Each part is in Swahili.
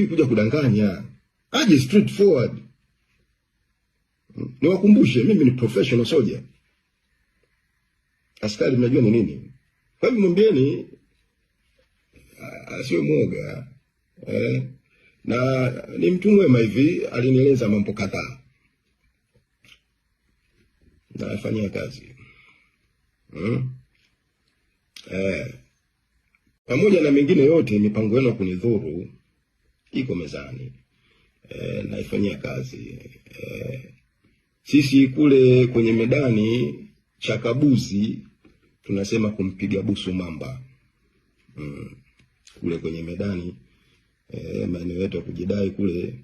hatakiwi kuja kudanganya, aje straight forward. Niwakumbushe, mimi ni professional soldier, askari mnajua ni nini. Kwa hivyo mwambieni asiwe mwoga eh, na ni mtu mwema hivi, alinieleza mambo kadhaa nafanyia kazi hmm. Eh, pamoja na mengine yote mipango yenu ya kunidhuru iko mezani e, naifanyia kazi e, sisi kule kwenye medani chakabuzi tunasema kumpiga busu mamba mm. Kule kwenye medani e, maeneo yetu ya kujidai kule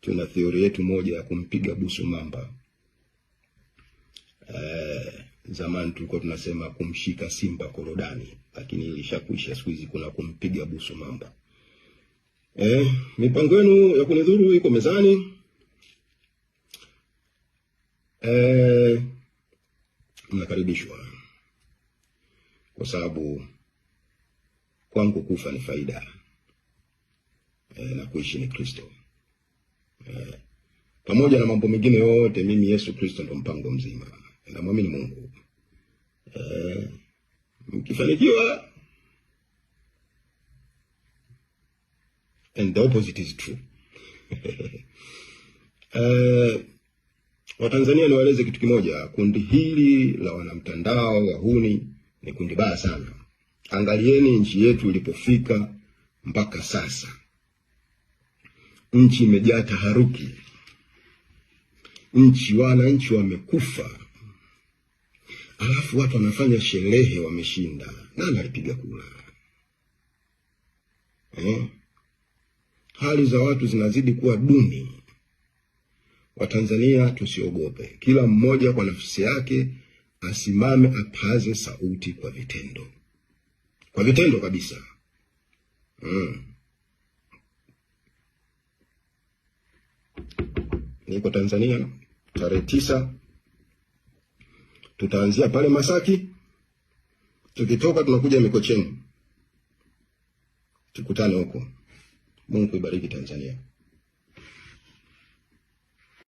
tuna theori yetu moja ya kumpiga busu mamba e, zamani tulikuwa tunasema kumshika simba korodani, lakini ilishakwisha. Siku hizi kuna kumpiga busu mamba. Eh, mipango yenu ya kunidhuru iko mezani. Eh, mnakaribishwa kwa sababu kwangu kufa ni faida eh, na kuishi ni Kristo eh, pamoja na mambo mengine yote. Mimi Yesu Kristo ndo mpango mzima, namwamini Mungu eh, mkifanikiwa and the opposite is true. Uh, Watanzania niwaeleze kitu kimoja, kundi hili la wanamtandao wahuni ni kundi baya sana. Angalieni nchi yetu ilipofika mpaka sasa, nchi imejaa taharuki, nchi wananchi wamekufa, alafu watu wanafanya sherehe, wameshinda. Nani alipiga kura eh? hali za watu zinazidi kuwa duni. Watanzania tusiogope, kila mmoja kwa nafsi yake asimame, apaze sauti kwa vitendo, kwa vitendo kabisa mm. Niko Tanzania tarehe tisa, tutaanzia pale Masaki, tukitoka tunakuja Mikocheni, tukutane huko. Mungu ibariki Tanzania.